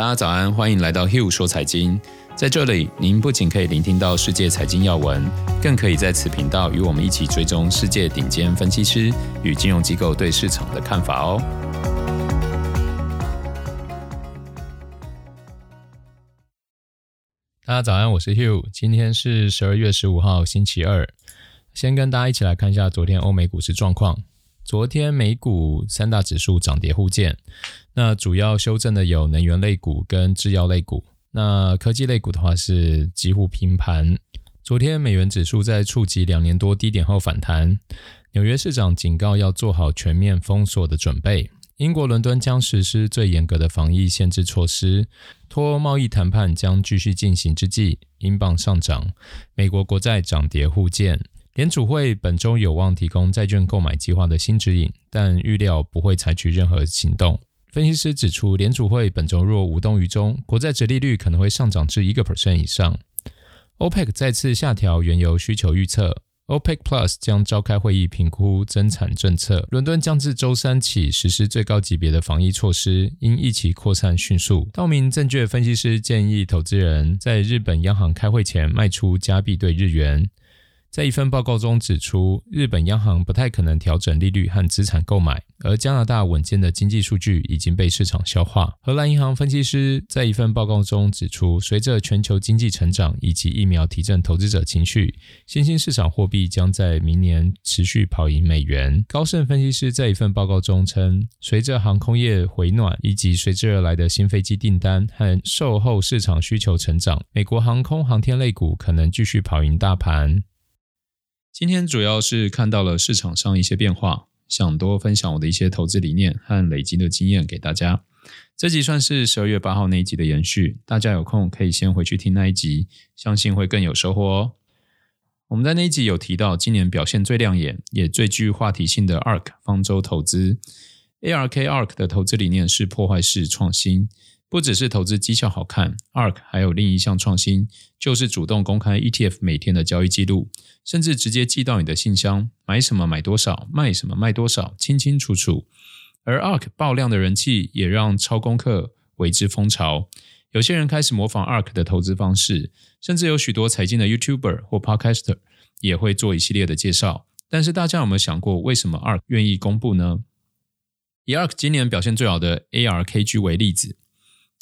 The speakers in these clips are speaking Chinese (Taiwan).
大家早安，歡迎來到 Hugh 說財經。在這裡，您不僅可以聆聽到世界財經要聞，更可以在此頻道與我們一起追蹤世界頂尖分析師與金融機構對市場的看法哦。大家早安，我是 Hugh，今天是十二月十五號，星期二。先跟大家一起來看一下昨天歐美股市狀況。昨天美股三大指數漲跌互見。那主要修正的有能源類股跟製藥類股，那科技類股的話是幾乎平盤。昨天美元指數在觸及兩年多低點後反彈，紐約市長警告要做好全面封鎖的準備。英國倫敦將實施最嚴格的防疫限制措施。脫歐貿易談判將繼續進行之際，英鎊上漲，美國國債漲跌互見。聯儲會本週有望提供債券購買計劃的新指引，但預料不會採取任何行動。分析師指出，聯儲會本周若無動於衷，國債殖利率可能會上漲至一個 percent 以上。OPEC 再次下調原油需求預測，OPEC Plus 將召開會議評估增產政策。倫敦將自周三起實施最高級別的防疫措施，因疫情擴散迅速。道明證券分析師建議，投資人在日本央行開會前賣出加幣對日元。在一份報告中指出，日本央行不太可能調整利率和資產購買，而加拿大穩健的經濟數據已經被市場消化。荷蘭銀行分析師在一份報告中指出，隨着全球經濟成長以及疫苗提振投資者情緒，新興市場貨幣將在明年持續跑贏美元。高盛分析師在一份報告中稱，隨着航空業回暖以及隨之而來的新飛機訂單和售後市場需求成長，美國航空航天類股可能繼續跑贏大盤。今天主要是看到了市場上一些變化，想多分享我的一些投資理念和累積的經驗給大家。這集算是十二月八號那一集的延續，大家有空可以先回去聽那一集，相信會更有收穫哦。我們在那一集有提到，今年表現最亮眼，也最具話題性的 ARK，方舟投資 ARK，ARK 的投資理念是破壞式創新。不只是投資績效好看，ARK 還有另一項創新，就是主動公開 ETF 每天的交易記錄，甚至直接寄到你的信箱，買什麼買多少，賣什麼賣多少，清清楚楚。而 ARK 爆量的人氣也讓抄功課為之風潮，有些人開始模仿 ARK 的投資方式，甚至有許多財經的 YouTuber 或 Podcaster 也會做一系列的介紹。但是大家有沒有想過，為什麼 ARK 願意公布呢？以 ARK 今年表現最好的 ARKG 為例子。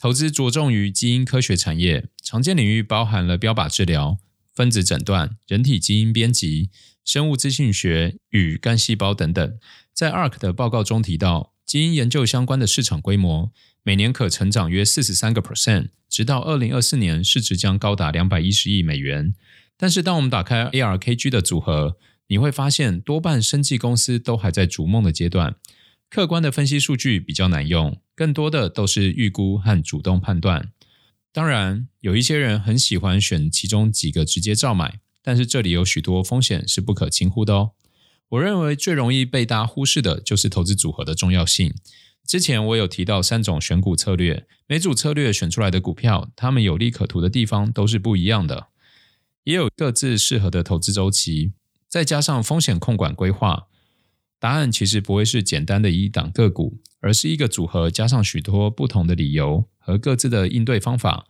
投資着重於基因科學產業，常見領域包含了標靶治療、分子診斷、人體基因編輯、生物資訊學與幹細胞等等。在 ARK 的報告中提到，基因研究相關的市場規模每年可成長約四十三個 percent，直到二零二四年市值將高達兩百一十億美元。但是，當我們打開 ARKG 的組合，你會發現多半生技公司都還在逐夢的階段。客觀的分析數據比較難用。更多的都是預估和主動判斷。當然，有一些人很喜歡選其中幾個直接照買，但是這裡有許多風險是不可輕忽的哦。我認為最容易被大家忽視的就是投資組合的重要性。之前我有提到三種選股策略，每組策略選出來的股票，它們有利可圖的地方都是不一樣的，也有各自適合的投資週期，再加上風險控管規劃，答案其實不會是簡單的一檔個股。而是一個組合，加上許多不同的理由和各自的應對方法。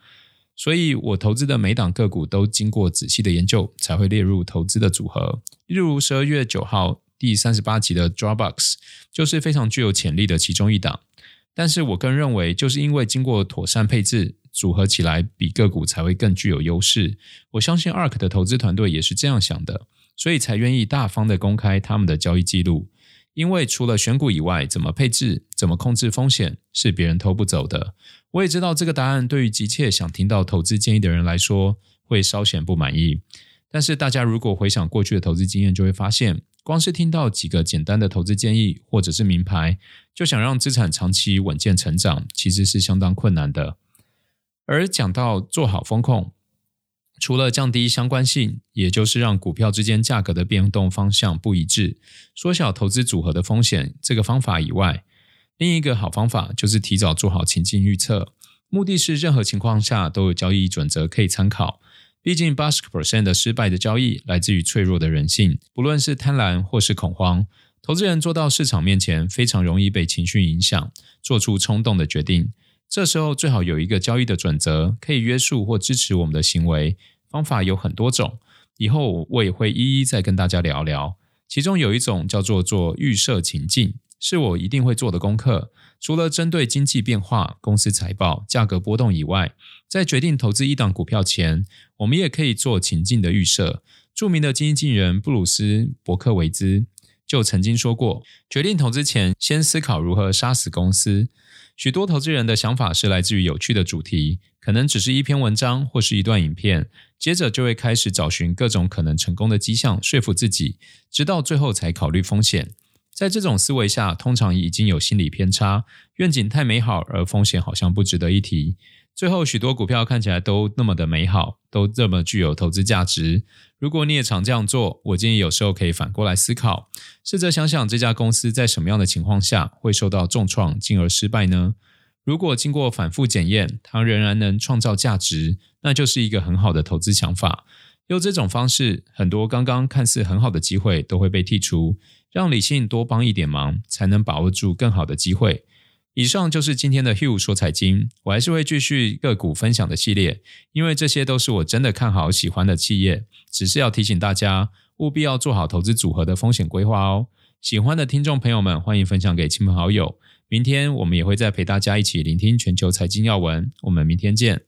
所以我投資的每檔個股都經過仔細的研究，才會列入投資的組合。例如十二月九號第三十八集的 Dropbox 就是非常具有潛力的其中一檔。但是我更認為，就是因為經過妥善配置，組合起來比個股才會更具有優勢。我相信 ARK 的投資團隊也是這樣想的，所以才願意大方的公開他們的交易記錄。因為除了選股以外，怎麼配置、怎麼控制風險是別人偷不走的。我也知道這個答案對於急切想聽到投資建議的人來說會稍顯不滿意。但是大家如果回想過去的投資經驗，就會發現，光是聽到幾個簡單的投資建議或者是名牌，就想讓資產長期穩健成長，其實是相當困難的。而講到做好風控，除了降低相關性，也就是讓股票之間價格的變動方向不一致，縮小投資組合的風險這個方法以外，另一個好方法就是提早做好情境預測，目的是任何情況下都有交易準則可以參考。畢竟，80%的失敗的交易來自於脆弱的人性，不論是貪婪或是恐慌，投資人坐到市場面前非常容易被情緒影響，做出衝動的決定。這時候最好有一個交易的準則，可以約束或支持我們的行為。方法有很多種，以後我也會一一再跟大家聊聊。其中有一種叫做做預設情境，是我一定會做的功課。除了針對經濟變化、公司財報、價格波動以外，在決定投資一檔股票前，我們也可以做情境的預設。著名的基金經理人布魯斯·伯克維茲就曾經說過：決定投資前，先思考如何殺死公司。許多投資人的想法是來自於有趣的主題，可能只是一篇文章或是一段影片，接着就會開始找尋各種可能成功的跡象，說服自己，直到最後才考慮風險。在這種思維下，通常已經有心理偏差，願景太美好，而風險好像不值得一提。最後，許多股票看起來都那麼的美好，都這麼具有投資價值。如果你也常這樣做，我建議有時候可以反過來思考，試着想想這家公司在什麼樣的情況下會受到重創，進而失敗呢？如果經過反復檢驗，它仍然能創造價值，那就是一個很好的投資想法。用這種方式，很多剛剛看似很好的機會都會被剔除，讓理性多幫一點忙，才能把握住更好的機會。以上就是今天的 Hugh 說財經，我還是會繼續個股分享的系列，因為這些都是我真的看好、喜歡的企業。只是要提醒大家，務必要做好投資組合的風險規劃哦。喜歡的聽眾朋友們，歡迎分享給親朋好友。明天我們也會再陪大家一起聆聽全球財經要聞。我們明天見。